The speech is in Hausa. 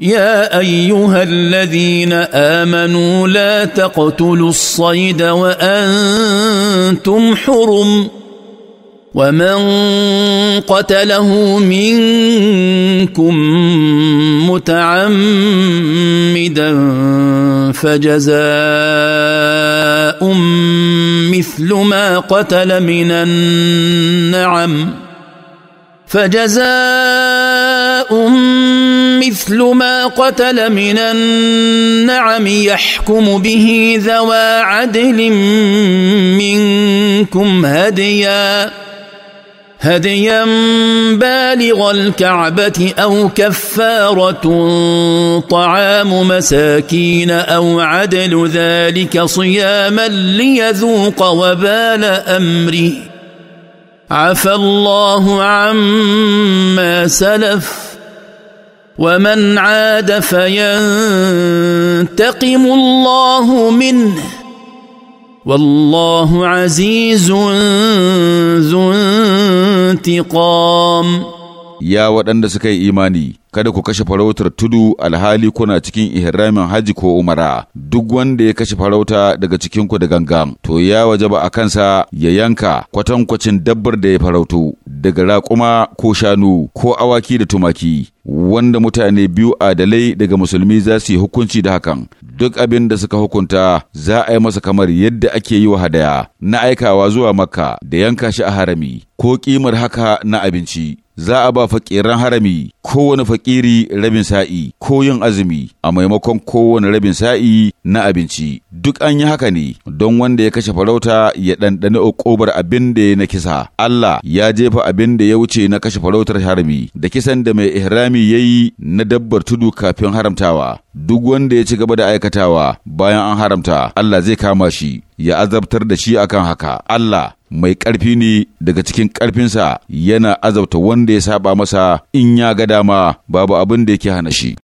يا ايها الذين امنوا لا تقتلوا الصيد وانتم حرم ومن قتله منكم متعمدا فجزاء مثل ما قتل من النعم فجزاء مثل ما قتل من النعم يحكم به ذوى عدل منكم هديا هديا بالغ الكعبة أو كفارة طعام مساكين أو عدل ذلك صياما ليذوق وبال أمره عفى الله عما سلف ومن عاد فينتقم الله منه والله عزيز ذو انتقام يا waɗanda سكي ايماني kada ku kashe farautar tudu alhali kuna cikin ihramin haji ko umara duk wanda ya kashe farauta daga cikin ku da gangan to ya wajaba a kansa ya yanka kwatankwacin dabbar da ya farautu, daga raƙuma ko shanu ko awaki da tumaki wanda mutane biyu adalai daga musulmi za su yi hukunci da hakan duk abin da suka hukunta za a yi masa kamar yadda ake yi wa hadaya na aikawa zuwa makka da yanka shi a harami ko ƙimar haka na abinci za a ba fakiran harami kowane fakiri rabin sa'i ko yin azumi a maimakon kowane rabin sa'i na abinci duk an yi haka ne don wanda ya kashe farauta ya ɗanɗani ƙobar abin da ya na kisa Allah ya jefa abin da ya wuce na kashe farautar harami da kisan da mai ihrami ya yi na dabbar tudu kafin haramtawa duk wanda ya ci gaba da aikatawa bayan an haramta Allah zai kama shi ya azabtar da shi akan haka Allah mai ƙarfi ne daga cikin ƙarfinsa yana azabta wanda ya saba masa in ya ga dama babu abin da yake hana shi.